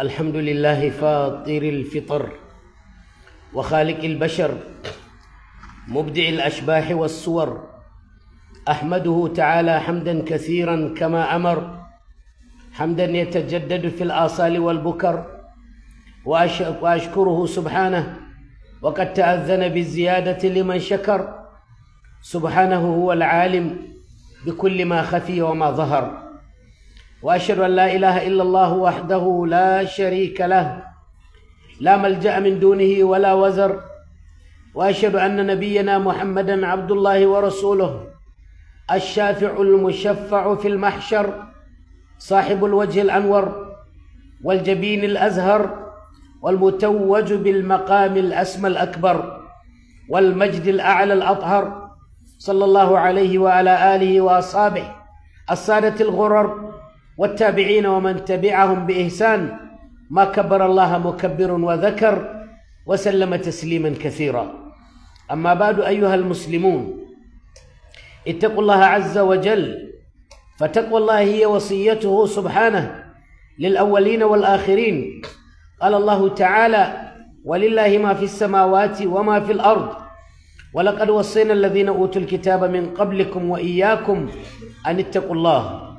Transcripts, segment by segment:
الحمد لله فاطر الفطر وخالق البشر مبدع الاشباح والصور احمده تعالى حمدا كثيرا كما امر حمدا يتجدد في الاصال والبكر واشكره سبحانه وقد تاذن بالزياده لمن شكر سبحانه هو العالم بكل ما خفي وما ظهر واشهد ان لا اله الا الله وحده لا شريك له لا ملجا من دونه ولا وزر واشهد ان نبينا محمدا عبد الله ورسوله الشافع المشفع في المحشر صاحب الوجه الانور والجبين الازهر والمتوج بالمقام الاسمى الاكبر والمجد الاعلى الاطهر صلى الله عليه وعلى اله واصحابه الساده الغرر والتابعين ومن تبعهم بإحسان ما كبر الله مكبر وذكر وسلم تسليما كثيرا أما بعد أيها المسلمون اتقوا الله عز وجل فتقوى الله هي وصيته سبحانه للأولين والآخرين قال الله تعالى ولله ما في السماوات وما في الأرض ولقد وصينا الذين أوتوا الكتاب من قبلكم وإياكم أن اتقوا الله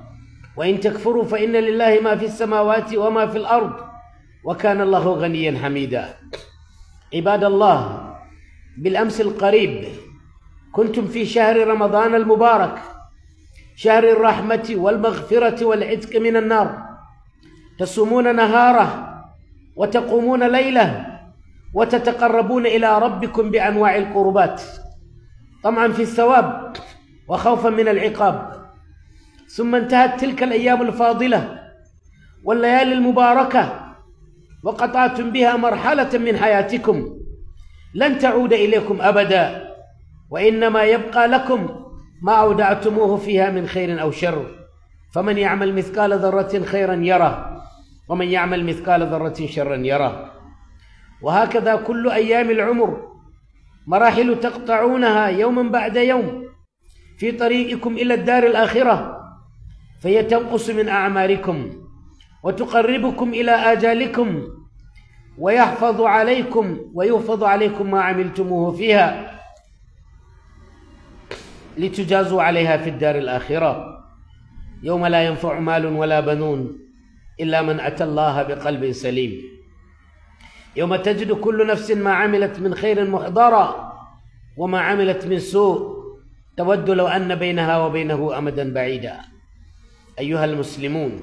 وإن تكفروا فإن لله ما في السماوات وما في الأرض وكان الله غنيا حميدا عباد الله بالأمس القريب كنتم في شهر رمضان المبارك شهر الرحمة والمغفرة والعتق من النار تصومون نهاره وتقومون ليله وتتقربون إلى ربكم بأنواع القربات طمعا في الثواب وخوفا من العقاب ثم انتهت تلك الأيام الفاضلة والليالي المباركة وقطعتم بها مرحلة من حياتكم لن تعود إليكم أبدا وإنما يبقى لكم ما أودعتموه فيها من خير أو شر فمن يعمل مثقال ذرة خيرا يره ومن يعمل مثقال ذرة شرا يره وهكذا كل أيام العمر مراحل تقطعونها يوما بعد يوم في طريقكم إلى الدار الآخرة فهي تنقص من أعماركم وتقربكم إلى آجالكم ويحفظ عليكم ويحفظ عليكم ما عملتموه فيها لتجازوا عليها في الدار الآخرة يوم لا ينفع مال ولا بنون إلا من أتى الله بقلب سليم يوم تجد كل نفس ما عملت من خير محضرا وما عملت من سوء تود لو أن بينها وبينه أمدا بعيدا أيها المسلمون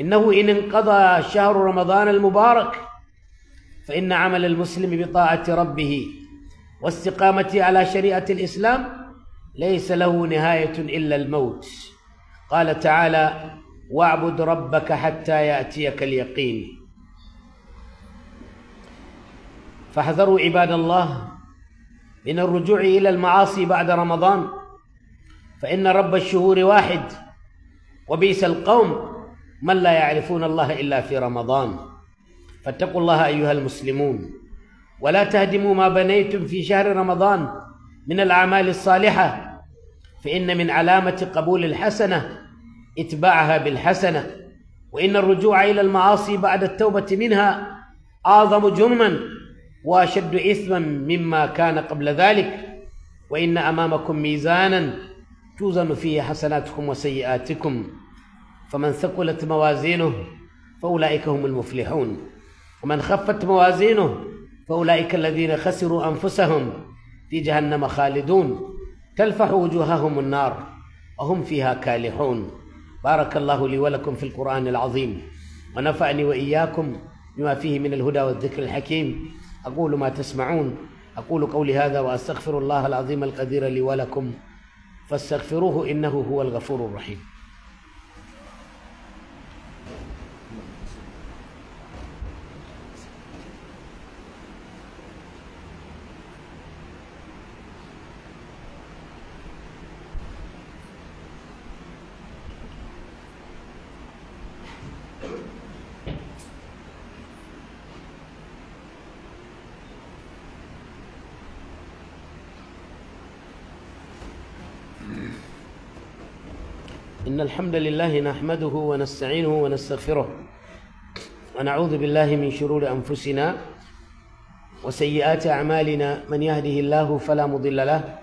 إنه إن انقضى شهر رمضان المبارك فإن عمل المسلم بطاعة ربه واستقامة على شريعة الإسلام ليس له نهاية إلا الموت قال تعالى واعبد ربك حتى يأتيك اليقين فاحذروا عباد الله من الرجوع إلى المعاصي بعد رمضان فإن رب الشهور واحد وبئس القوم من لا يعرفون الله إلا في رمضان فاتقوا الله أيها المسلمون ولا تهدموا ما بنيتم في شهر رمضان من الأعمال الصالحة فإن من علامة قبول الحسنة اتباعها بالحسنة وإن الرجوع إلى المعاصي بعد التوبة منها أعظم جرما وأشد إثما مما كان قبل ذلك وإن أمامكم ميزانا توزن فيه حسناتكم وسيئاتكم فمن ثقلت موازينه فأولئك هم المفلحون ومن خفت موازينه فأولئك الذين خسروا أنفسهم في جهنم خالدون تلفح وجوههم النار وهم فيها كالحون بارك الله لي ولكم في القرآن العظيم ونفعني وإياكم بما فيه من الهدى والذكر الحكيم أقول ما تسمعون أقول قولي هذا وأستغفر الله العظيم القدير لي ولكم فاستغفروه انه هو الغفور الرحيم إن الحمد لله نحمده ونستعينه ونستغفره ونعوذ بالله من شرور أنفسنا وسيئات أعمالنا من يهده الله فلا مضل له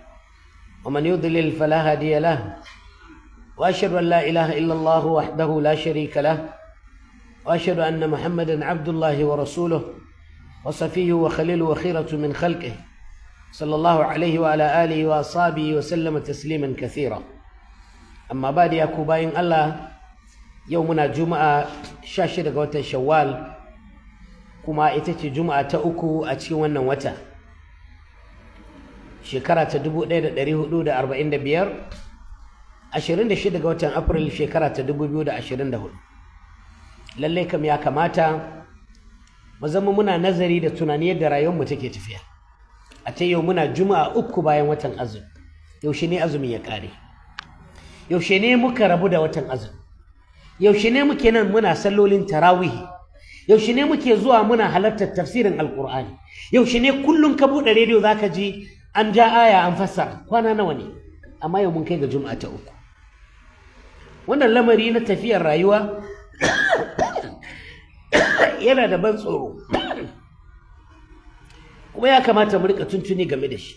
ومن يضلل فلا هادي له وأشهد أن لا إله إلا الله وحده لا شريك له وأشهد أن محمدا عبد الله ورسوله وصفيه وخليله وخيرة من خلقه صلى الله عليه وعلى آله وأصحابه وسلم تسليما كثيرا amma ba da ko bayan Allah yau muna juma'a 16 ga watan shawwal kuma ita ce juma'a ta uku a cikin wannan wata shekara ta 1445 26 ga watan april shekara ta 2024 lallai kam ya kamata mu zama muna nazari da tunani yadda rayuwarmu take tafiya a ta yau muna juma'a uku bayan watan azumi yaushe ne azumi ya kare yaushe ne muka rabu da watan azumi yaushe ne muke nan muna sallolin tarawihi yaushe ne muke zuwa muna halartar tafsirin alkur'ani yaushe ne kullum ka buɗe rediyo zaka ji an ja aya an fasa kwana nawa ne amma yau mun kai ga juma'a ta uku wannan lamari na tafiyar rayuwa yana da ban tsoro kuma ya kamata mu rika tuntuni game da shi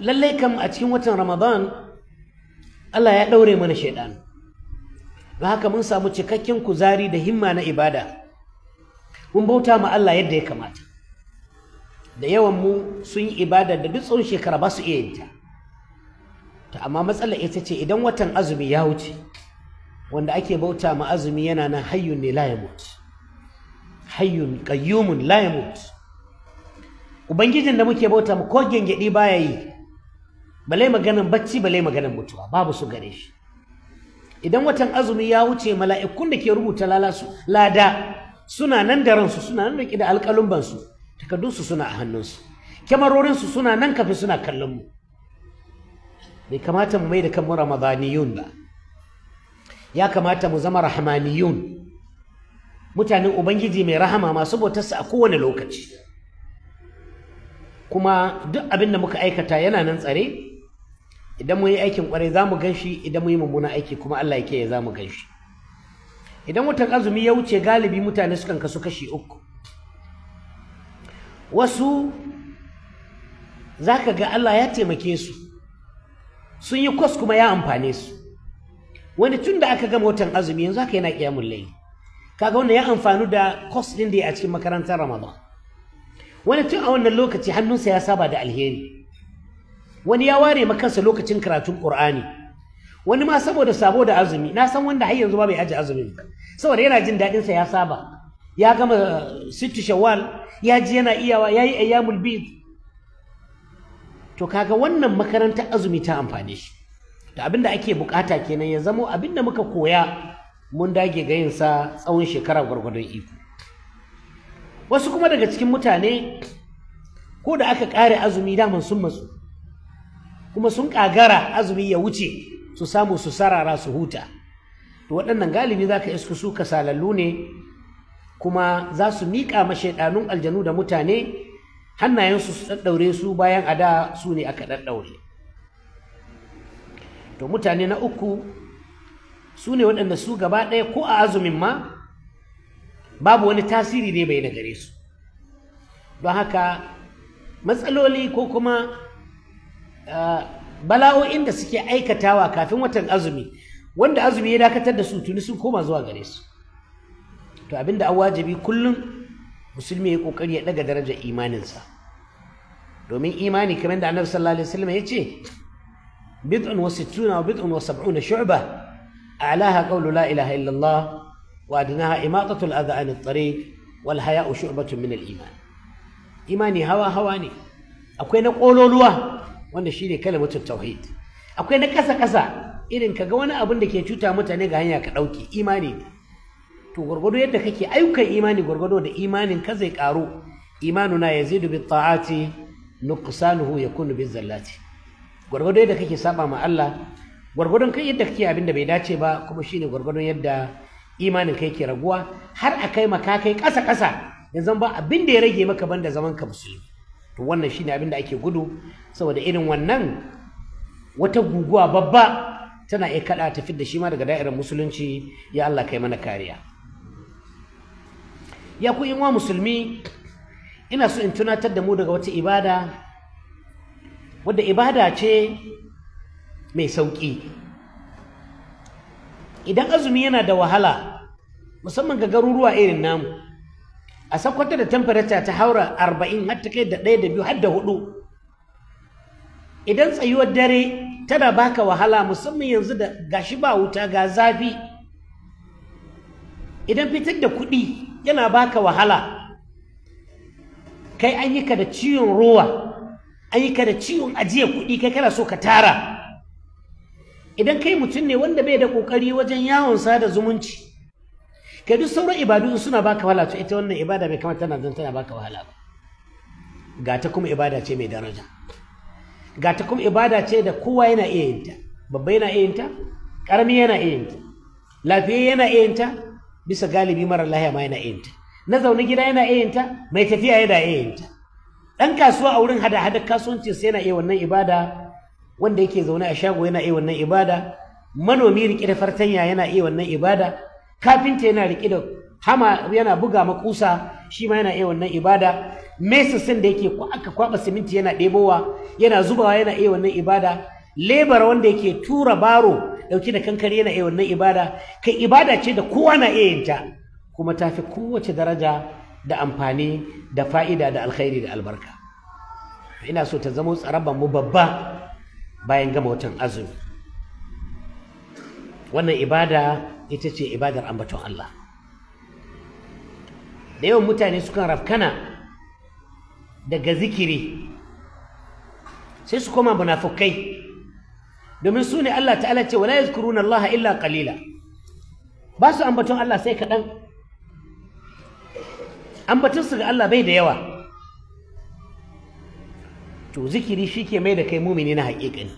lallai kam a cikin watan ramadan Allah ya ɗaure mana shaidan ba haka mun samu cikakken kuzari da himma na ibada mun bauta ma Allah yadda ya kamata da yawan mu sun yi ibada da duk shekara ba su iya yin ta to amma matsala ita ce idan watan azumi ya wuce wanda ake bauta ma azumi yana nan hayyun ne la hayyun kayyumun la ubangijin da muke bauta mu ko gengedi baya yi balai maganin bacci balai maganin mutuwa babu su gare shi idan watan azumi ya wuce mala'ikun da ke rubuta lalasu lada suna nan da ransu suna nan da alƙalumbansu takadunsu suna a hannunsu kyamarorinsu suna nan kafin suna kallon mu bai kamata mu mai da kanmu ramadaniyun ba ya kamata mu zama rahmaniyun mutanen ubangiji mai rahama masu bautarsa a kowane lokaci kuma duk abin da muka aikata yana nan tsare idan mun yi aikin kwarai za mu gan shi idan mun yi mummunan aiki kuma Allah ya ke ya za mu gan shi idan watan azumi ya wuce galibi mutane sukan kasu kashi uku wasu za ka ga Allah ya taimake su sun yi kwas kuma ya amfane su wani tun da aka gama watan azumi yanzu haka yana kiyamun layi kaga wannan ya amfanu da kwas din da ya a cikin makarantar ramadan wani tun a wannan lokaci hannunsa ya saba da alheri wani ya ware makansa lokacin karatun Qur'ani wani ma saboda sabo da azumi na san wanda har yanzu ba bai aji azumi saboda yana jin daɗin sa ya saba ya gama eh, sittu shawwal ya ji yana iyawa yayi ayyamul bid to kaga wannan makarantar azumi ta amfani shi da abinda ake bukata kenan ya zamo abinda muka koya mun dage ga yin sa tsawon shekara gwargwadon iko wasu kuma daga cikin mutane ko da aka kare azumi da sun matsu kuma sun kagara azumi ya wuce su samu su sarara su huta to waɗannan galibi za ka isku su kasalallu ne kuma za su miƙa mashaiɗanun aljanu da mutane hannayensu su ɗaɗɗaure su bayan a da su ne aka ɗaɗɗaure to mutane na uku su ne waɗanda su gaba ɗaya ko a azumin ma babu wani tasiri ne bai na gare su don haka matsaloli ko kuma Ah, bala'o'in da suke aikatawa kafin watan azumi wanda azumi ya dakatar da su tuni sun koma zuwa gare su to abinda an wajibi kullum musulmi ya kokari ya daga darajar imaninsa domin imani kamar da annabi sallallahu alaihi wasallam ya ce bid'un wa sittuna wa bid'un wa sab'una shu'ba a'laha qawlu la ilaha illa Allah wa adnaha imatatu al-adha 'an at-tariq wal haya'u shu'batun min al-iman imani hawa hawa ne akwai na kololuwa wanda shine kalmatu tauhid akwai na kasa kasa irin ga wani abin da ke cuta mutane ga hanya ka ɗauki, imani ne to gwargwado yadda kake ayyukan imani gwargwado da imanin ka zai karu na yazidu bi ta'ati nuqsanuhu yakunu bi zallati gwargwado yadda kake saba ma Allah gwargwadon kai yadda kake abin da bai dace ba kuma shine gwargwadon yadda imanin kai ke raguwa har a kai maka kai kasa kasa yanzu ba abin da ya rage maka banda zaman ka musulmi to wannan shine abin da ake gudu saboda irin wannan wata guguwa babba tana iya kaɗa ta da shi ma daga da'irar musulunci ya Allah kai mana kariya ya ku yan musulmi ina so in tunatar da mu daga wata ibada wadda ibada ce mai sauƙi idan azumi yana da wahala musamman ga garuruwa irin namu a sakwata da temperature ta haura arba'in har kai da ɗaya da biyu har da hudu idan tsayuwar dare tana baka wahala musamman yanzu da gashi ba wuta ga zafi idan fitar da kuɗi yana baka wahala kai an yi ka da ciwon ruwa an yi ka da ciwon ajiyar kuɗi kai kana so ka tara idan kai mutum ne wanda bai da ƙoƙari wajen yawon sada zumunci kai duk sauran ibadu suna baka wahala to ita wannan ibada bai kamata tana zan tana baka wahala ba ga ta kuma ibada ce mai daraja ga ta kuma ibada ce da kowa yana iya yin ta babba yana iya yin ta karami yana iya yin ta lafiya yana iya yin ta bisa galibi mara lahiya ma yana iya yin ta na zaune gida yana iya yin ta mai tafiya yana iya yin ta dan kasuwa a wurin hada hada kasuwanci sai yana iya wannan ibada wanda yake zaune a shago yana iya wannan ibada manomi riƙe da fartanya yana iya wannan ibada kafinta yana riƙe da hama yana buga makusa shi ma yana iya wannan ibada mesusin da yake aka kwaba siminti yana ɗebowa yana zubawa yana iya wannan ibada lebar wanda yake tura baro ɗauki da kankare yana iya wannan ibada kai ibada ce da kowa na iya yin kuma ta fi kowace daraja da amfani da fa'ida da alkhairi da albarka ina so ta zama tsaraban mu babba bayan gama watan azumi wannan ibada ita ce ibadar ambaton Allah da yawan mutane sukan rafkana daga zikiri sai su koma munafukai domin su ne Allah ta'ala ce wala yazkuruna Allah illa qalila ba su ambaton Allah sai kaɗan ambaton su ga Allah bai da yawa to zikiri shi ke mai da kai mumini na haƙiƙani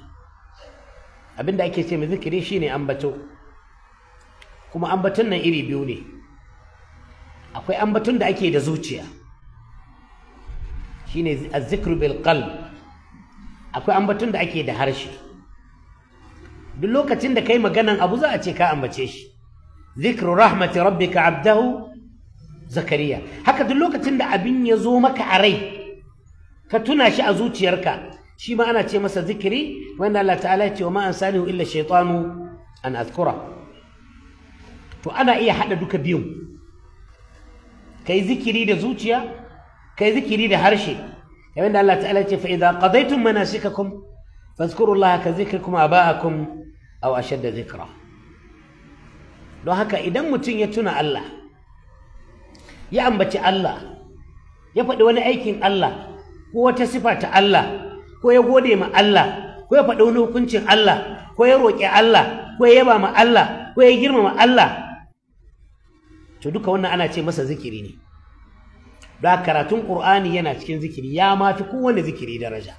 abinda ake ce mai zikiri shine ambato kuma ambaton nan iri biyu ne akwai ambatun da ake da zuciya shine azzikru bil qalb akwai ambatun da ake da harshe duk lokacin da kai maganan abu za a ce ka ambace shi zikru rahmati rabbika abdahu zakariya haka duk lokacin da abin ya zo maka a rai ka tuna shi a zuciyarka shi ma ana ce masa zikiri wanda Allah ta'ala ya ce wa ma illa shaitanu an azkura to ana iya haɗa duka biyun kai zikiri da zuciya kai zikiri da harshe yayin da Allah ta'ala ce fa idza qadaytum manasikakum fazkurullah ka zikrikum aba'akum aw ashadda zikra don haka idan mutum ya tuna Allah ya ambaci Allah ya faɗi wani aikin Allah ko wata sifa ta Allah ko ya gode ma Allah ko ya faɗi wani hukuncin Allah ko ya roƙi Allah ko ya yaba ma Allah ko ya girmama Allah to duka wannan ana ce masa zikiri ne da karatun qur'ani yana cikin zikiri ya ma fi kowane zikiri daraja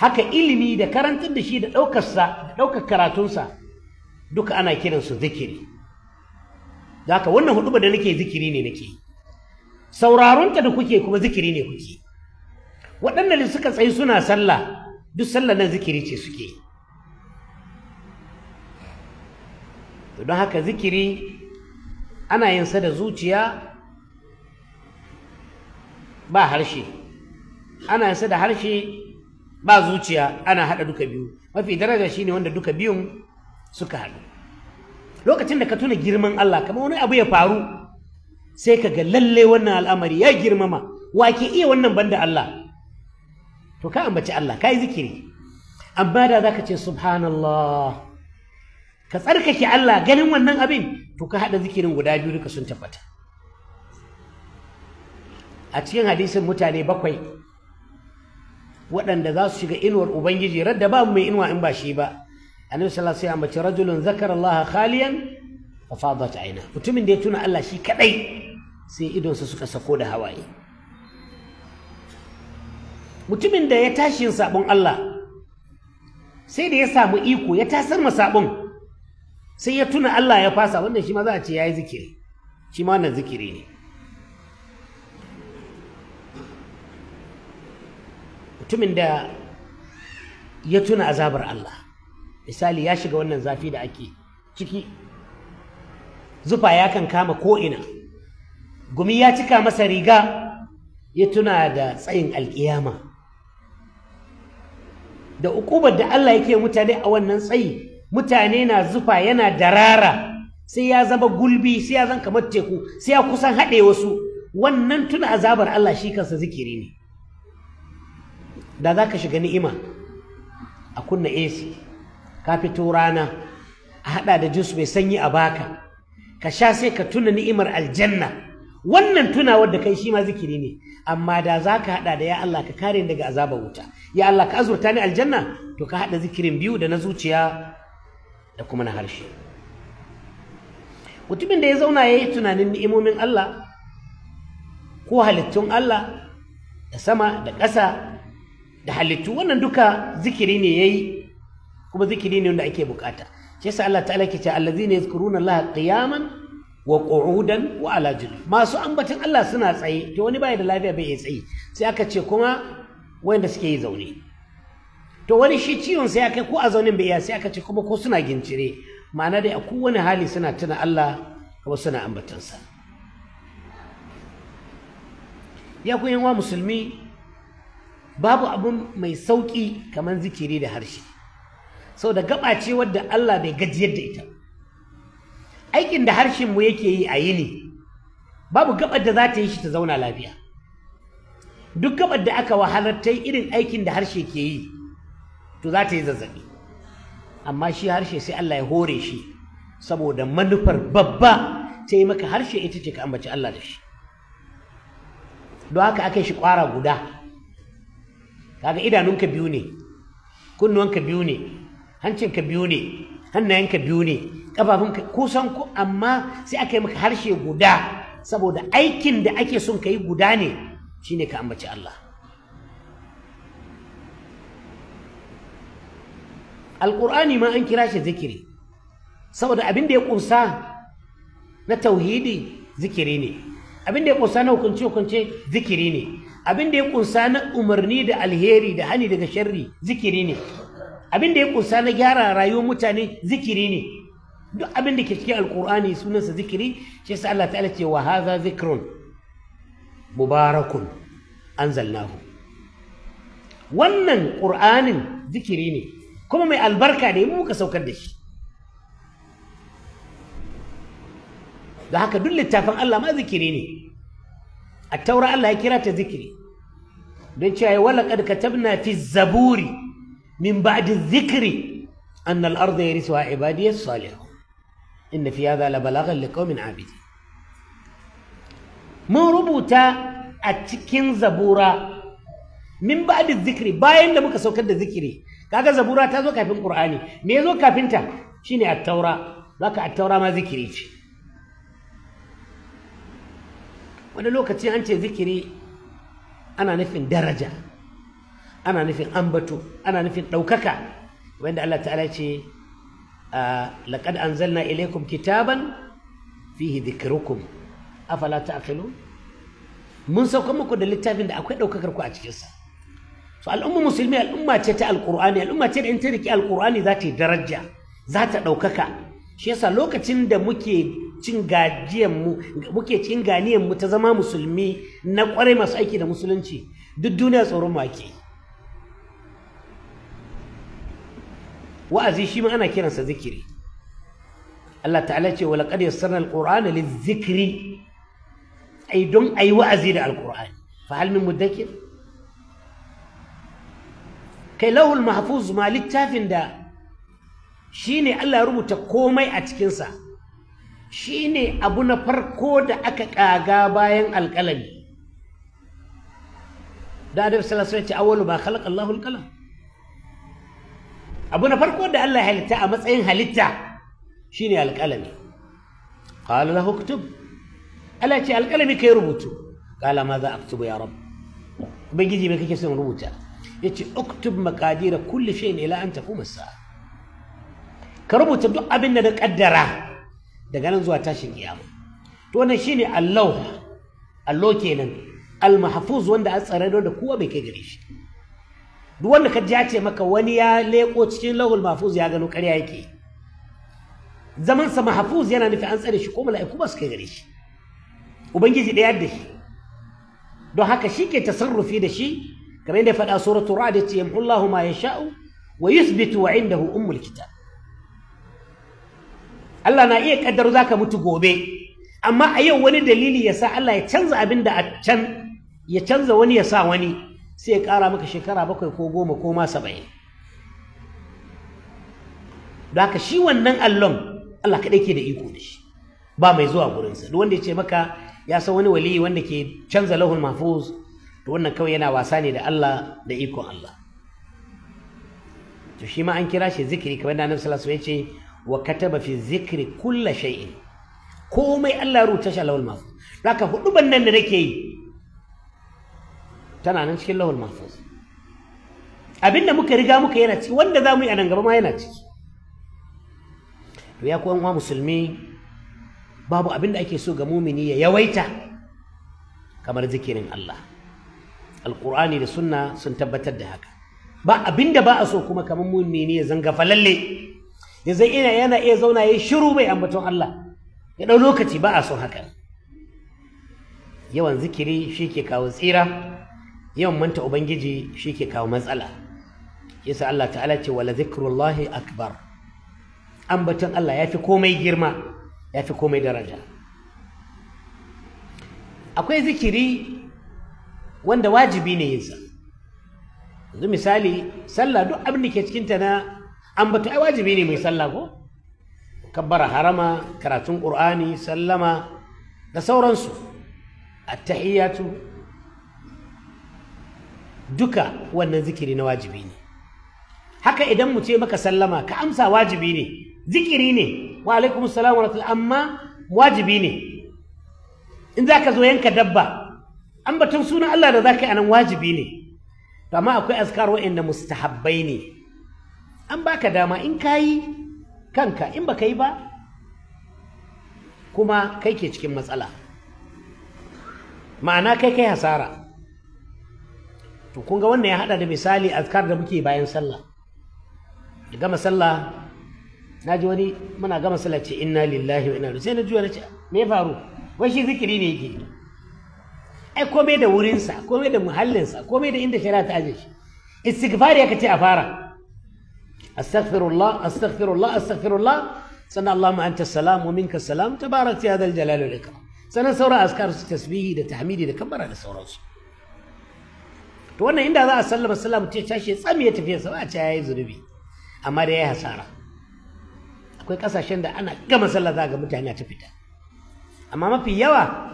haka ilimi da karantar da shi da ɗaukarsa da ɗaukar karatunsa duka ana kiransu zikiri da haka wannan hudu da nake zikiri ne nake Sauraron ta da kuke kuma zikiri ne kuke Waɗannan da suka tsayi suna sallah duk sallah nan zikiri ce suke don haka zikiri ana yin sa da zuciya ba harshe ana yin sa da harshe ba zuciya ana haɗa duka biyu mafi daraja shine wanda duka biyun suka haɗu lokacin da ka tuna girman Allah kamar wani abu ya faru sai ka ga lalle wannan al'amari ya girmama wa ke iya wannan banda Allah to ka ambaci Allah ka yi zikiri amma da za ka ce subhanallah ka tsarkake Allah ganin wannan abin to ka haɗa zikirin guda biyu duka sun tabbata a cikin hadisin mutane bakwai waɗanda za su shiga inuwar ubangiji radda babu mai inuwa in ba shi ba annabi sallallahu alaihi wasallam ce rajulun zakara Allah khaliyan fa fadat aina mutumin da ya tuna Allah shi kadai sai idonsa suka sako da hawaye mutumin da ya tashi sabon Allah sai da ya samu iko ya tasar ma sabon sai ya tuna Allah ya fasa wannan shi ma za a ce yi zikiri shi ma wannan zikiri ne mutumin da ya tuna azabar Allah misali ya shiga wannan zafi da ake ciki zufa ya kan kama ko'ina gumi ya cika masa riga ya tuna da tsayin alkiyama da ukubar da Allah yake mutane a wannan tsayi mutane na zufa yana darara sai ya zama gulbi sai ya zan kamar teku sai ya kusan haɗe wasu wannan tuna azabar Allah shi kansa zikiri ne da za ka shiga ni'ima a kunna AC ka fito rana a haɗa da jus mai sanyi a baka ka sha sai ka tuna ni'imar aljanna wannan tunawar da kai shi ma zikiri ne amma da za ka haɗa da ya Allah ka kare daga azabar wuta ya Allah ka azurta ni aljanna to ka haɗa zikirin biyu da na zuciya da kuma na harshe mutumin da ya zauna ya yi tunanin ni'imomin Allah ko halittun Allah da sama da ƙasa da halittu wannan duka zikiri ne ya yi kuma zikiri ne wanda ake bukata shi yasa Allah ta'ala ke ce allazina yazkuruna Allah qiyaman wa qu'udan wa ala masu ambacin Allah suna tsaye to wani baya da lafiya bai iya tsaye sai aka ce kuma wanda suke yi zaune to wani shi ciwon sai aka ko a zaunin bai iya sai aka ce kuma ko suna gincire ma'ana dai a kowane hali suna tuna Allah kuma suna ambatansa ya ku yanwa musulmi babu abun mai sauƙi kamar zikiri da harshe sau da gaba ce wadda Allah bai gajiyar da ita aikin da harshen mu yake yi a yini babu gabar da za ta yi shi ta zauna lafiya duk gabar da aka wahalar ta irin aikin da harshe ke yi to za ta yi zazzaɓi. amma shi harshe sai Allah ya hore shi saboda manufar babba ta yi maka harshe ita ce ka ambaci Allah da shi don haka aka shi ƙwara guda kaga idanunka biyu ne kunnuwanka biyu ne hancinka biyu ne hannayenka biyu ne ƙafafunka kusan ku amma sai aka yi maka harshe guda saboda aikin da ake son ka yi guda ne shine ka ambaci Allah alƙur'ani ma an kira shi zikiri saboda abin da ya ƙunsa na tauhidi zikiri ne abin da ya ƙunsa na hukunce-hukunce zikiri ne abin da ya ƙunsa na umarni da alheri da hani daga sharri zikiri ne abin da ya ƙunsa na gyara rayuwar mutane zikiri ne duk abin da ke cikin alƙur'ani sunansa zikiri shi sa Allah ta'ala ce wa haza zikrun mubarakun anzalnahu wannan ƙur'anin zikiri ne kuma mai albarka ne mu muka saukar da shi da haka duk littafin Allah ma zikiri ne a taura Allah ya kira ta zikiri don cewa ya wala kad katabna fi zaburi min ba'di zikri an al ard yarisuha ibadi as-salihun inna fi hadha la balaghan liqaumin abidin mun rubuta a cikin zabura min ba'di zikri bayan da muka saukar da zikiri kaga zabura ta zo kafin qur'ani me zo kafin ta shine at-taura zaka at-taura ma zikiri ce wani lokaci an ce zikiri ana nufin daraja ana nufin ambato ana nufin ɗaukaka wanda Allah ta'ala ce laqad anzalna ilaykum kitaban fihi dhikrukum afala ta'qilun mun sauka muku da littafin da akwai ɗaukakar ku a cikinsa so al'umma musulmi al'umma ce ta alkur'ani al'umma ce in ta riki alkur'ani za ta yi daraja zata ɗaukaka shi yasa lokacin da muke cin gajiyan mu muke cin ganiyan mu ta zama musulmi na kwarai masu aiki da musulunci duk duniya tsoron mu ake wa'azi shi ma ana kiransa zikiri Allah ta'ala ce wa laqad yassarna al-qur'ana liz-zikri ai don ai wa'azi da Alkur'ani. qurani fa kai lahul mahfuz ma littafin da shine Allah ya rubuta komai a cikinsa shine abu na farko da aka kaga bayan alƙalami da Adam sallallahu alaihi awwalu ba khalaqa Allahu abu na farko da Allah ya halitta a matsayin halitta shine alƙalami qala lahu uktub Allah ce alƙalami kai rubutu qala ma za aktubu ya rabb ubangiji me kake son rubuta yace uktub maqadira kulli shay'in ila an taqum as-sa'a ka rubuta duk abin da na kaddara daga nan zuwa tashin kiyama to wannan shine allo allo kenan al-mahfuz wanda an tsare da kowa bai kai gare shi duk wanda ka ja ce maka wani ya leko cikin lahul mahfuz ya gano karya yake zaman sa mahfuz yana nufi an tsare shi ko mala'iku ba su kai gare shi ubangiji ɗaya da shi don haka shi ke tasarrufi da shi kamar yadda faɗa suratu ra'd yace yamhullahu ma yasha'u wa yuthbitu wa indahu ummul kitab Allah na iya kaddaro zaka mutu gobe amma a yau wani dalili ya sa Allah ya canza abin da a can ya canza wani ya sa wani sai ya ƙara maka shekara bakwai ko goma ko ma saba'in da haka shi wannan allon Allah kaɗai ke da iko da shi ba mai zuwa gurinsa duk wanda ya ce maka ya san wani waliyi wanda ke canza lahul mahfuz to wannan kawai yana wasa ne da Allah da ikon Allah to shi ma an kira shi zikiri kamar da Annabi ya ce wa kataba fi zikri kulla shay'in komai Allah rubuta shi lawal mahfuz haka huduban nan da nake yi tana nan cikin lawal mahfuz abinda muka riga muka yana ciki wanda za mu yi a nan gaba ma yana ciki to ya kuwa musulmi babu abinda ake so ga mumini ya yawaita kamar zikirin Allah alqur'ani da sunna sun tabbatar da haka ba abinda ba a so kuma kamar mumini ya zanga falalle ya zai ina yana iya zauna yayi shiru bai ambaton Allah ya dau lokaci ba a son haka yawan zikiri shi ke kawo tsira yawan manta ubangiji shi ke kawo matsala yasa Allah ta'ala ce wala zikrullahi akbar ambaton Allah yafi komai girma yafi komai daraja akwai zikiri wanda wajibi ne yinsa yanzu misali sallah duk abin da ke cikinta na an bata ai wajibi ne mai sallah ko kabbara harama karatun qur'ani sallama da sauransu attahiyatu duka wannan zikiri na wajibi ne haka idan mu ce maka sallama ka amsa wajibi ne zikiri ne wa alaikumus salam wa amma wajibi ne in zaka zo yanka dabba An batun sunan Allah da zaka yi anan wajibi ne to amma akwai azkar inda mustahabbai ne an baka dama in kayi kanka in baka yi ba kuma kai ke cikin matsala ma'ana kai kai hasara to kun ga wannan ya hada da misali azkar da muke bayan sallah da gama sallah na ji wani muna gama sallah ce inna lillahi wa inna ilaihi sai na juya na ce me faru wai shi zikiri ne yake ai komai da wurinsa komai da muhallinsa komai da inda shari'a ta ajiye. shi istighfar ya kace a fara astaghfirullah astaghfirullah astaghfirullah sannan allahumma anta salam wa minka salam tabarakta ya dal jalal wal ikram sannan sauran askar su tasbihi da tahmidi da kabbara da sauransu to wannan inda za a sallama sallama ta tashi tsam ya tafiya sa a ce yayi zunubi amma da yayi hasara akwai kasashen da ana gama sallah za ga mutane ta fita amma mafi yawa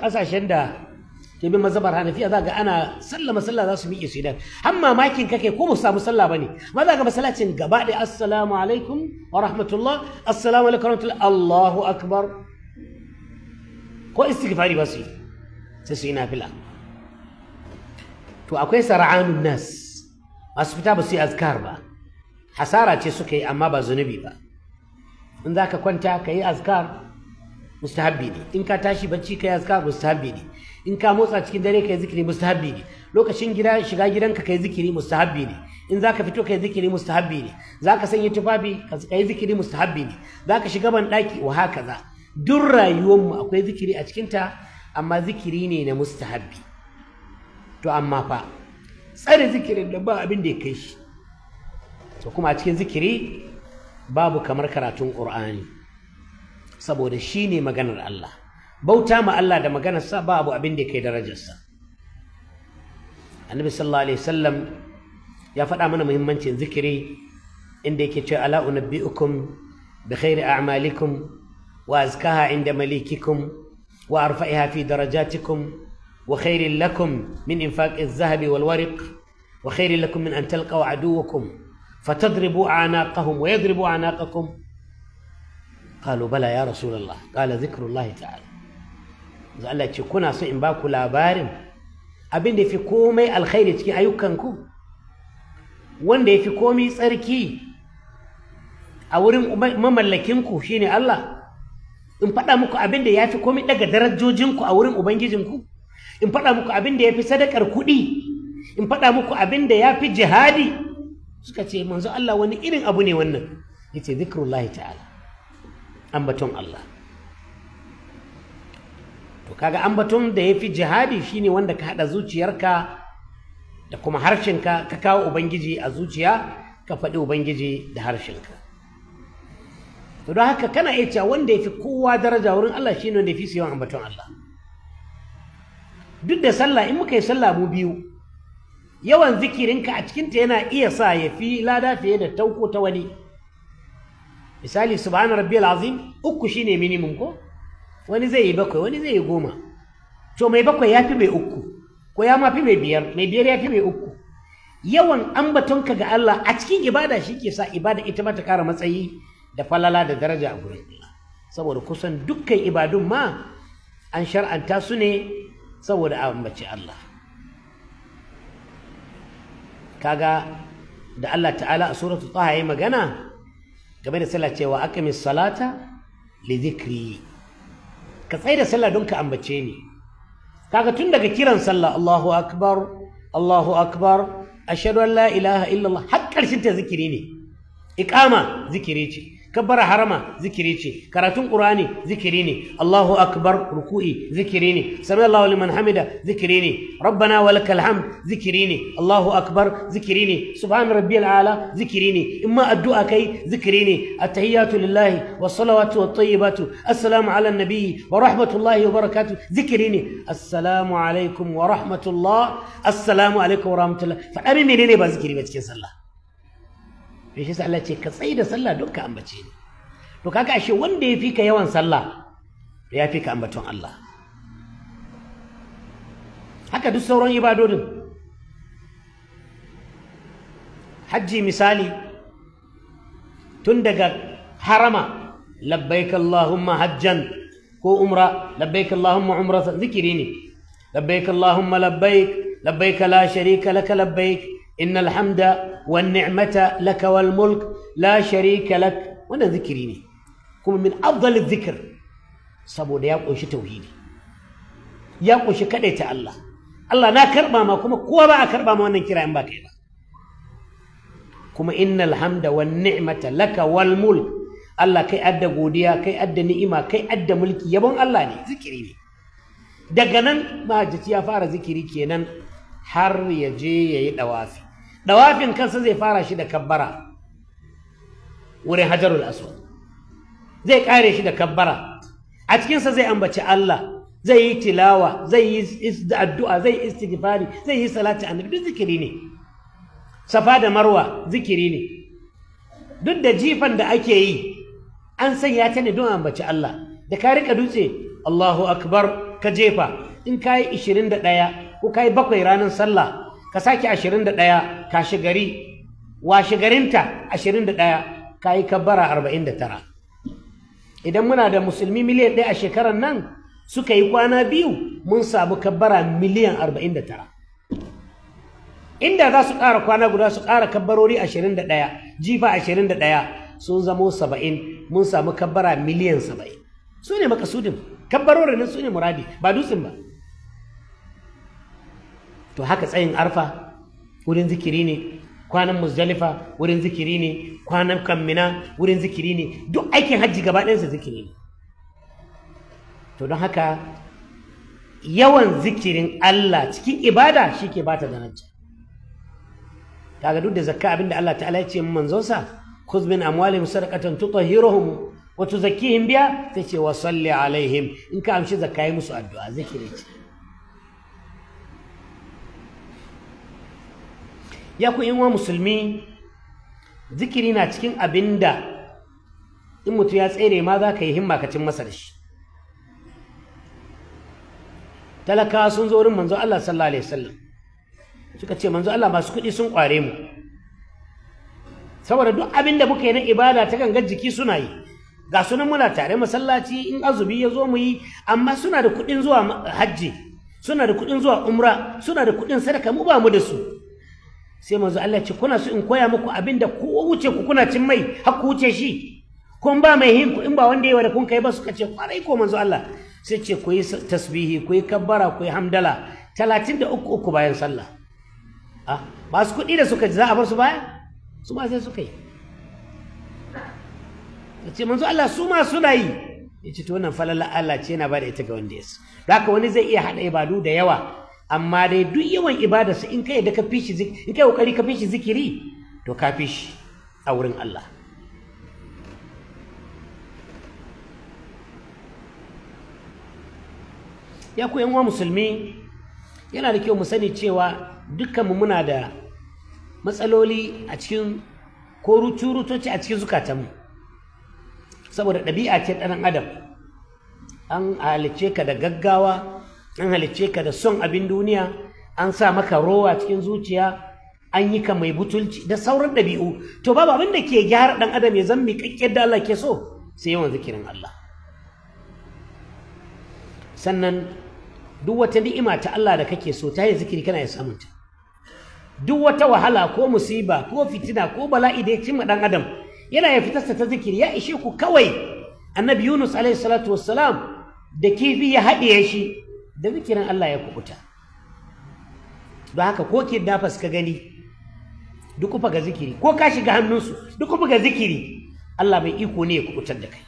kasashen da ke bin mazhabar hanafiya za ga ana sallama sallah zasu miƙe su idan har mamakin kake ko ba samu sallah bane ma zaka masallacin gaba da assalamu alaikum wa rahmatullah assalamu alaikum wa rahmatullah Allahu akbar ko istighfari ba su yi sai su yi nafila to akwai sar'anun nas masu fita ba su yi azkar ba hasara ce suka yi amma ba zunubi ba in zaka kwanta ka yi azkar mustahabbi ne in ka tashi bacci kai azkar mustahabbi ne in ka motsa cikin dare kai zikiri mustahabbi ne lokacin gida shiga gidanka kai zikiri mustahabbi ne in zaka fito kai zikiri mustahabbi ne ka sanya tufafi kai zikiri mustahabbi ne ka shiga ban daki wa hakaza duk rayuwar mu akwai zikiri a cikin ta amma zikiri ne na mustahabbi to amma fa tsare zikirin da ba abin da ya kai shi to kuma a cikin zikiri babu kamar karatun qur'ani saboda shine maganar Allah bauta ma Allah da maganarsa ba abu abin da yake darajar sa annabi sallallahu alaihi wasallam ya faɗa mana muhimmancin zikiri inda yake cewa ala unabbi'ukum bi khairi a'malikum wa azkaha inda malikikum wa arfa'iha fi darajatikum wa khairin lakum min infaqi adh-dhahabi wal warq wa khairin lakum min an talqaw aduwakum fatadribu a'naqahum wa yadribu a'naqakum qalu bala ya rasulullah qala zikrullah ta'ala za Allah ce kuna so in ba ku labarin abin da fi komai alkhairi cikin ayyukanku wanda ya fi komai tsarki a wurin mamallakinku shine Allah in faɗa muku abin da ya fi komai daga darajojinku a wurin ubangijin ku? in faɗa muku abin da ya fi sadakar kuɗi in faɗa muku abin da ya fi jihadi suka ce manzo Allah wani irin abu ne wannan yace zikrullahi ta'ala ambaton Allah to kaga ambaton da yafi jihadi shine wanda ka hada zuciyarka da kuma harshenka ka kawo ubangiji a zuciya ka faɗi ubangiji da harshenka to don haka kana iya cewa wanda yafi kowa daraja wurin Allah shine wanda yafi siyan ambaton Allah duk da sallah in muka yi sallah mu biyu yawan zikirinka a cikinta yana iya sa ya fi lada fiye da tauko ta wani misali subhana rabbiyal azim uku shine minimum ko wani zai yi bakwai wani zai yi goma to mai bakwai ya fi mai uku ko ya ma fi mai biyar mai biyar ya fi mai uku yawan ka ga Allah a cikin ibada shi ke sa ibada ita ma ta kara matsayi da falala da daraja a gurin saboda kusan dukkan ibadun ma an shar'anta su ne saboda a ambaci Allah kaga da Allah ta'ala a suratul taha yayi magana game da sallah cewa aqimi salata li dhikri ka tsaya da sallah don ka ambace ni kaga tun daga kiran sallah Allahu akbar Allahu akbar ashhadu an la ilaha illallah har karshen ta zikiri ne iqama zikiri ce kabbara harama zikiri ce karatun qur'ani zikiri ne Allahu akbar ruku'i zikiri ne sami'allahu liman hamida zikiri ne rabbana walakal zikiri ne Allahu akbar zikiri ne subhan rabbiyal ala zikiri ne imma addu'a kai zikiri ne attahiyatu lillahi was-salawatu wat-tayyibatu assalamu ala an-nabi wa rahmatullahi wa barakatuh zikiri ne assalamu alaikum wa rahmatullah assalamu alaikum wa rahmatullah fa menene ba zikiri ba cikin sallah to shi Allah ce ka tsaye da sallah don ka ambace ni to kaga ashe wanda ya fi ka yawan sallah to ya fi ka ambaton Allah haka duk sauran ibadodin hajji misali tun daga harama labbaik Allahumma hajjan ko umra labbaik Allahumma umra zikiri ne labbaik Allahumma labbaik labbaik la sharika laka labbaik إن الحمد والنعمة لك والملك لا شريك لك وانا ذكري ne kuma min afdal dhikr saboda ya kunshi tauhidi ya kunshi ta Allah Allah na karba ma kuma kowa ba a karba ma wannan kira in ba kai ba kuma innal hamda wan ni'mata laka wal mulk Allah kai adda godiya kai adda ni'ima kai adda mulki yabon Allah ne zikiri ne daga nan mahajjaci ya fara zikiri kenan har ya je ya yi ɗawafi ɗawafin kansa zai fara shi da kabbara wurin hajarul aswad zai kare shi da kabbara a cikinsa zai ambaci Allah zai yi tilawa zai yi addu'a zai yi istighfari zai yi salati annabi duk zikiri ne safa da marwa zikiri ne duk da jifan da ake yi an sanya ta ne don ambaci Allah da ka rika dutse Allahu akbar ka jefa in ka yi 21 ko kai yi bakwai ranar sallah ka sake ashirin da ɗaya ka shigari, wa shigarinta ashirin da ɗaya ka yi kabbara arba'in da tara idan muna da musulmi miliyan ɗaya a shekarar nan suka yi kwana biyu mun samu kabbara miliyan arba'in da tara inda za su ƙara kwana guda su ƙara kabbarori ashirin da ɗaya jifa ashirin da ɗaya sun zamo saba'in mun samu kabbara miliyan saba'in su ne makasudin kabbarorin nan su ne muradi ba dutsen ba to haka tsayin arfa wurin zikiri ne kwanan muzdalifa wurin zikiri ne kwanan kammina wurin zikiri ne duk aikin hajji gaba ɗayansa zikiri ne to don haka yawan zikirin Allah cikin ibada shi ke bata daraja kaga duk da zakka abinda Allah ta'ala ya ce manzonsa khudh min amwalihim sadaqatan tutahhiruhum wa tuzakkihim biya sai ce wa salli alaihim in ka amshi zakka yi musu addu'a zikiri ce ya ku yin wa musulmi zikiri na cikin abin da in mutum ya tsere ma za ka yi himma ka cin masa da shi talakawa sun zo wurin manzo Allah sallallahu alaihi wasallam suka ce manzo Allah masu kuɗi sun ƙware mu saboda duk abin da muka yi na ibada ta gangar jiki suna yi ga sunan muna tare masallaci in azumi ya zo mu yi amma suna da kuɗin zuwa hajji suna da kuɗin zuwa umra suna da kuɗin sadaka mu ba mu da su sai manzo Allah ce kuna so in koya muku abinda ku wuce ku kuna cin mai har ku wuce shi kun ba mai hinku in ba wanda yawa da kun kai ba suka ce kwarai ko manzo Allah sai ce ku yi tasbihi ku yi kabbara ku yi hamdala 33 uku bayan sallah ah masu kuɗi da suka ji za a bar su baya su ba sai suka yi ce manzo Allah su ma suna yi ya ce to wannan falala Allah ce yana ba da ita ga wanda ya su haka wani zai iya hada ibadu da yawa amma dai duk yawan ibadarsa in kai da ka fishi in kai kokari ka fishi zikiri to ka fishi a wurin Allah ya ku yanwa musulmi yana da kyau mu sani cewa mu muna da matsaloli a cikin ko rutoci a cikin mu. saboda ɗabi'a ce ɗan adam an halice ka da gaggawa an halicce ka da son abin duniya an sa maka rowa cikin zuciya an yi ka mai butulci da sauran ɗabi'u to babu abin da ke gyara ɗan adam ya zan miƙaƙƙen da Allah ke so sai yawan zikirin Allah sannan duk wata ni'ima ta Allah da kake so ta yi zikiri kana ya samunta duk wata wahala ko musiba ko fitina ko bala'i da ya cimma ɗan adam yana ya fitarsa ta zikiri ya ishe ku kawai annabi yunus alaihi salatu wassalam da kifi ya haɗiye shi da zikirin Allah ya kubuta don haka ko dafa ka gani duk ga zikiri ko ka shiga hannunsu duk ga zikiri Allah mai iko ne ya kubutar da kai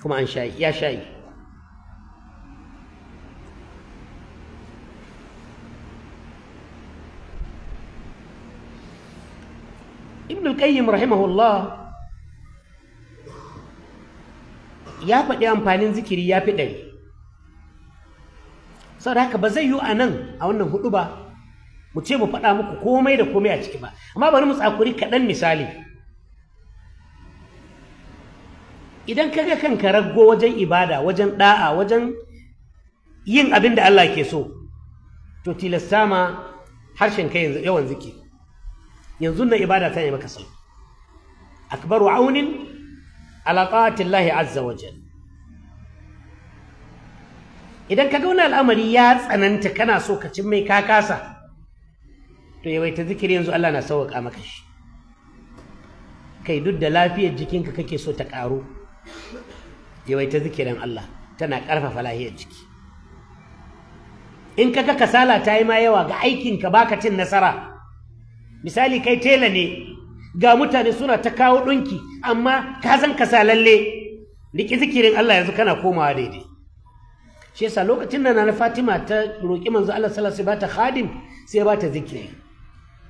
kuma an shayi ya shayi ibn al-qayyim rahimahullah ya faɗi amfanin zikiri ya fi ɗari saboda haka ba zai yiwu a nan a wannan hudu ba mu ce mu faɗa muku komai da komai a ciki ba amma bari mu tsakuri kaɗan misali idan ka ga kanka raggo wajen ibada wajen ɗa'a wajen yin abin da Allah ke so to tilasta ma harshen kai yanzu yawan ziki yanzu na ibada ta ne maka sauki akbaru aunin ala ta'atillahi azza wajalla idan ka ga wani al'amari ya tsananta kana so ka cin mai ka kasa to yawaita zikiri yanzu Allah na sauƙa maka shi kai duk da lafiyar jikinka kake so ta ƙaru yawaita zikirin Allah tana ƙarfafa lafiyar jiki in ka ga kasala ta yi ma yawa ga aikinka baka cin nasara misali kai tela ne ga mutane suna ta kawo ɗunki amma ka san kasalalle riƙi zikirin Allah yanzu kana komawa daidai shi yasa lokacin da na Fatima ta roƙi manzo Allah sallallahu alaihi ta khadim sai ba bata zikiri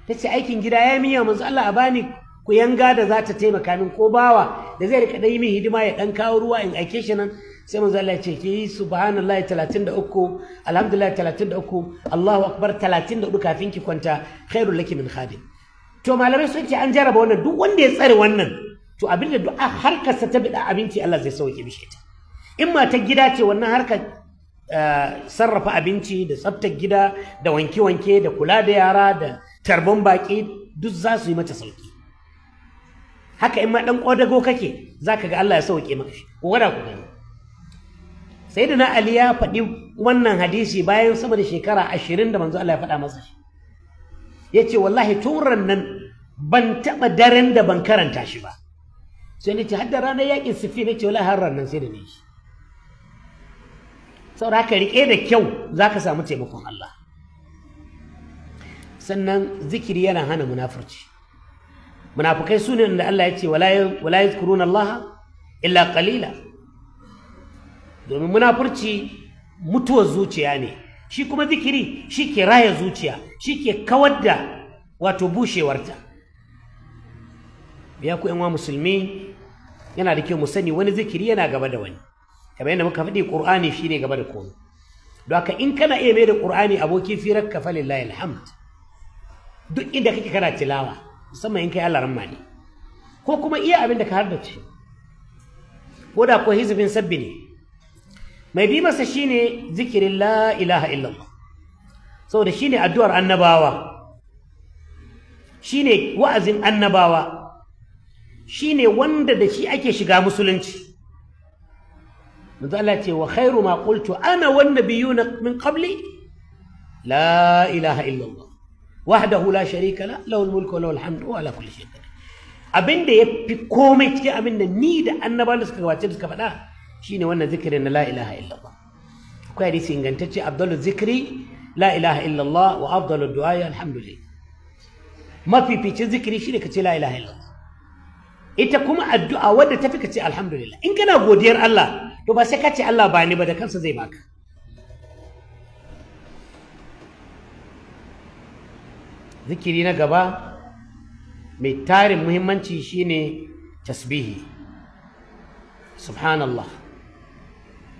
tace aikin gida ya miya manzo Allah a bani ku yanga da za ta taimaka min ko bawa da zai rika dai min hidima ya dan kawo ruwa in aike shi nan sai manzo Allah ya ce ki subhanallahi 33 alhamdulillah 33 Allahu akbar 34 kafin ki kwanta khairul laki min khadim to malamai sun ce an jaraba wannan duk wanda ya tsare wannan to abinda du'a harkarsa ta bida abinci Allah zai sauke mishi ita in ma ta gida ce wannan harkar sarrafa abinci da tsaftar gida da wanke-wanke da kula da yara da tarbon baƙi duk za su yi mata sauki haka in ma ɗan ƙodago kake za ka ga Allah ya sauke maka shi ko wada ku gani sai da na Ali ya faɗi wannan hadisi bayan sama da shekara ashirin da manzo Allah ya faɗa masa shi ya ce wallahi turan nan ban taɓa daren da ban karanta shi ba sai na ce har da ranar yaƙin sufi na ce wallahi har ranar sai da ne shi saboda haka riƙe da kyau za ka samu taimakon Allah sannan zikiri yana hana munafurci munafukai su ne da Allah ya ce wala na Allah illa kalila, domin munafurci mutuwar zuciya ne shi kuma zikiri shi ke raya zuciya shi ke kawar da wato bushewarta ya ku 'yan musulmi yana da kyau mu sani wani zikiri yana gaba da wani kamar yadda muka faɗi qur'ani shine gaba da komai don haka in kana iya mai da qur'ani abokin firar ka layin hamd duk inda kake kana tilawa musamman in kai yi ramma ne ko kuma iya abin da ka ce ko da ko hizibin sabbi ne mai bi masa shine zikirin la ilaha illallah saboda ne addu'ar annabawa Shi ne wa'azin annabawa Shi ne wanda da shi ake shiga musulunci manzo Allah ce wa khairu ma qultu ana wan nabiyuna min qabli la ilaha illa Allah wahdahu la sharika la lahu al-mulku wa lahu al wa ala kulli shay'in qadir abinda yafi komai cikin abinda ni da annabawa da suka gabace da suka faɗa shine wannan zikirin na la ilaha illa Allah akwai hadisi ingantacce abdullu zikri la ilaha illa Allah wa afdalu du'a alhamdulillah mafificin zikiri shine kace la ilaha illa Allah ita kuma addu'a wadda tafi kace alhamdulillah in kana godiyar Allah to ba sai ka ce Allah ba ni ba da kansa zai baka zikiri na gaba mai tarin muhimmanci shine tasbihi subhanallah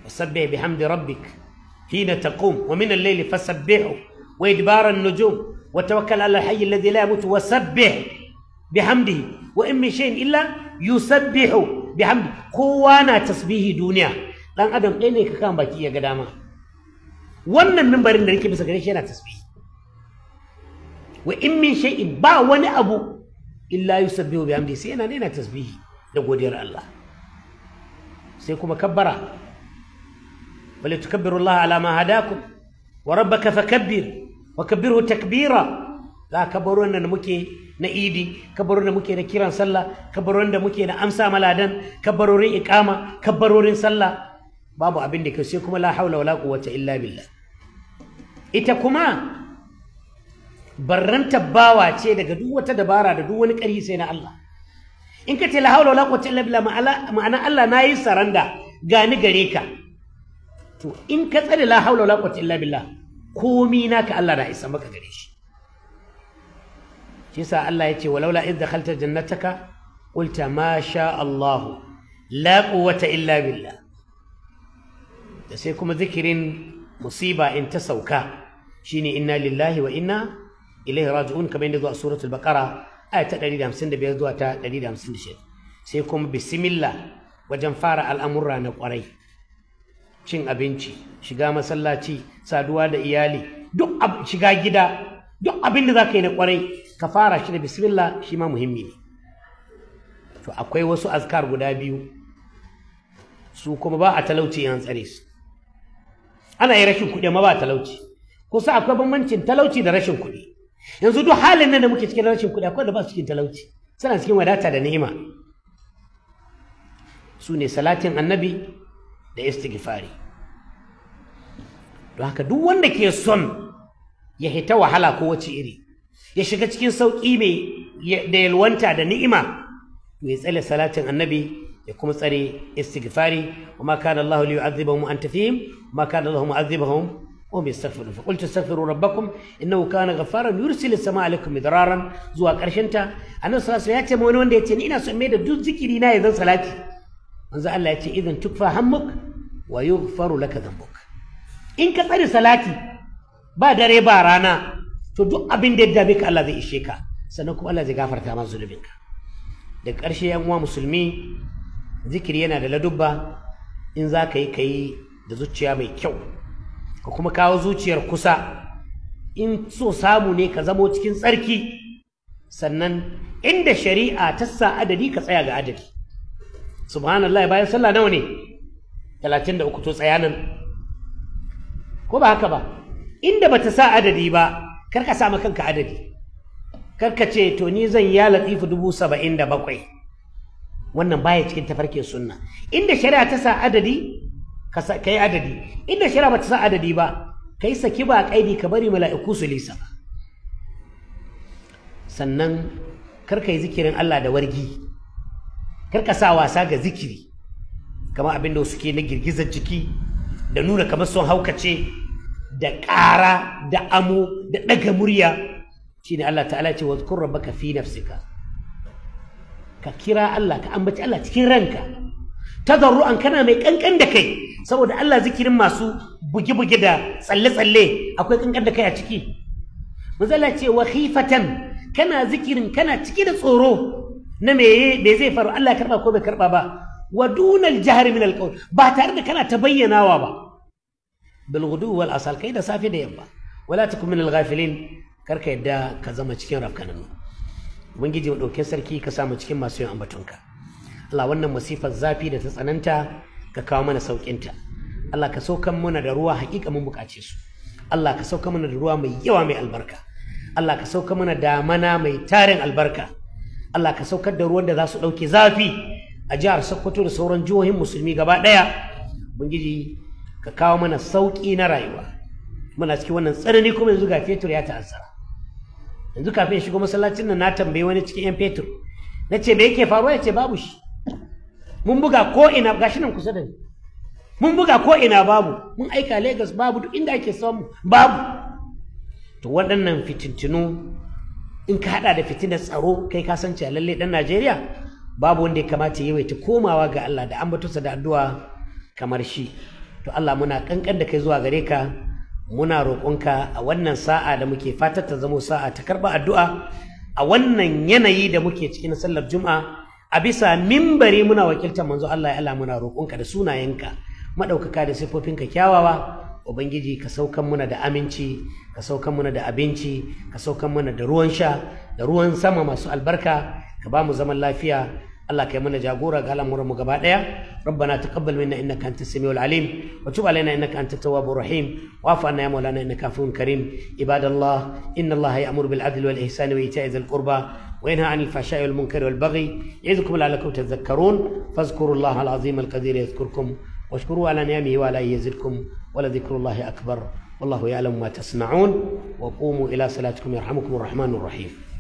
wasabbih bihamdi rabbik hina taqum wa min al-layli fasabbihu wa idbara an-nujum وتوكل على الحي الذي لا يموت وسبح بحمده وإن من شيء إلا يسبح bihamdi kowa na tasbihi duniya dan adam ɗaya ne ka kan baki ya ga dama wannan mimbarin da nake bisa gare shi yana tasbihi wa in min shay'in ba wani abu illa yusabbihu bihamdi sai yana ne na tasbihi da godiyar Allah sai kuma kabbara bal tukabbiru Allah ala ma hadakum wa rabbaka fakabbir wa kabbirhu takbira za ka bar wannan muke na idi kabarorin da muke na kiran sallah kabarorin da muke na amsa maladan kabarorin iqama kabarorin sallah babu abin da ke sai kuma la haula wala quwwata illa billah ita kuma barran tabbawa ce daga duk wata dabara da duk wani ƙari sai na Allah in ka ce la haula wala quwwata illa billah ma'ana Allah na yi saranda gani gare ka to in ka tsare la haula wala quwwata illa billah komi naka Allah na isa maka gare shi shi sa Allah ya ce walaula idh dakhalta jannataka qulta ma sha Allah la quwwata illa billah da sai kuma zikirin musiba in ta sauka shine inna lillahi wa inna ilaihi raji'un kamar yadda zuwa suratul baqara aya ta 155 zuwa ta 156 sai kuma bismillah wajen fara al'amurra na ƙwarai, cin abinci shiga masallaci saduwa da iyali duk shiga gida duk abin da zaka yi na ƙwarai. ka fara shi da bismillah shi ma muhimmi ne to akwai wasu azkar guda biyu su kuma ba a talauci yan tsare su ana yi rashin kuɗi amma ba a talauci kusa akwai bambancin talauci da rashin kuɗi yanzu duk halin nan da muke cikin rashin kuɗi akwai da ba su cikin talauci suna cikin wadata da ni'ima su ne salatin annabi da istighfari don haka duk wanda ke son ya hita wahala ko wace iri ya shiga cikin sauƙi mai da yalwanta da ni'ima to ya tsare salatin annabi ya kuma tsare istighfari wa ma kana Allahu li yu'adhibahum anta fihim wa ma kana Allahu mu'adhibahum وهم يستغفرون فقلت استغفروا ربكم انه كان غفارا يرسل السماء عليكم مدرارا زوا كرشنتا انا صلى الله عليه وسلم wanda yace ni ina son mai da duk zikiri na yanzu salati manzo Allah ya ce idan tukfa hammuk wa yughfaru laka dhanbuk in ka tsare salati ba dare ba rana to duk abin da ya dame ka Allah zai ishe ka sannan kuma Allah zai gafarta ma ka. da ƙarshe yan uwa musulmi zikiri yana da ladubba in za ka yi ka yi da zuciya mai kyau ka kuma kawo zuciyar kusa in so samu ne ka zamo cikin tsarki sannan inda shari'a ta sa adadi ka tsaya ga adadi subhanallah bayan sallah nawa ne 33 to tsayanin ko ba haka ba inda bata sa adadi ba kar ka kanka adadi kar ka ce to ni zan ya latifu dubu saba'in da bakwai wannan baya cikin tafarkin sunna inda shari'a ta sa adadi ka yi adadi inda shari'a ba ta sa adadi ba ka yi saki ba kaidi ka bari mala'iku su lisa sannan kar ka yi zikirin Allah da wargi kar ka sa wasa ga zikiri kamar abin da suke na girgizar jiki da nuna kamar sun haukace da ƙara da amo da ɗaga murya shine Allah ta'ala ce wa zkur rabbaka fi nafsika ka kira Allah ka ambaci Allah cikin ranka an kana mai kankan da kai saboda Allah zikirin masu buge-buge da tsalle-tsalle akwai kankan da kai a ciki mazala ce wa khifatan kana zikirin kana ciki da tsoro na meye me zai faru Allah karba ko bai karba ba wa dunal jahri min alqawl ba tare da kana ta bayyanawa ba bil ghudu wal asal kai da safe da yamma wala takun min al kar ka yarda ka zama cikin rafkanan ubangiji mu dauke sarki ka samu cikin masu yin ambatonka Allah wannan masifar zafi da ta tsananta ka kawo mana ta. Allah ka saukan mana da ruwa hakika mun bukace su Allah ka sauka mana da ruwa mai yawa mai albarka Allah ka sauka mana damana mai tarin albarka Allah ka saukar da ruwan da za su ɗauke zafi a jihar Sokoto da sauran jihohin musulmi gaba ɗaya Ubangiji ka kawo mana sauƙi na rayuwa muna cikin wannan tsanani kuma yanzu ga fetur ya ta'azzara yanzu kafin shigo masallacin nan na tambayi wani cikin yan fetur na ce me yake faruwa ya ce babu shi mun buga ko ina gashi nan kusa da ni mun buga ko ina babu mun aika Lagos babu duk inda ake samu babu to waɗannan fitintinu in ka haɗa da fitinar tsaro kai ka san cewa lalle dan Najeriya babu wanda ya kamata ya yawaita komawa ga Allah da an batusa da addu'a kamar shi to Allah muna kankan da kai zuwa gare ka muna roƙonka a wannan sa'a da muke fatar ta zamo sa'a ta karɓa addu'a a wannan yanayi da muke cikin sallar juma'a a bisa mimbari muna wakiltar manzo Allah ya Allah muna roƙonka da sunayenka maɗaukaka da siffofinka kyawawa ubangiji ka saukan muna da aminci ka saukan muna da abinci ka saukan muna da ruwan sha da ruwan sama masu albarka ka ba mu zaman lafiya الله كمان جاغورا قال مرة مقبادة ربنا تقبل منا إنك أنت السميع العليم وتوب علينا إنك أنت التواب الرحيم واعف يا مولانا إنك عفو كريم عباد الله إن الله يأمر بالعدل والإحسان وإيتاء ذي القربى وينهى عن الفحشاء والمنكر والبغي يعظكم لعلكم تذكرون فاذكروا الله العظيم القدير يذكركم واشكروا على نعمه وعلى يزدكم ولذكر الله أكبر والله يعلم ما تصنعون وقوموا إلى صلاتكم يرحمكم الرحمن الرحيم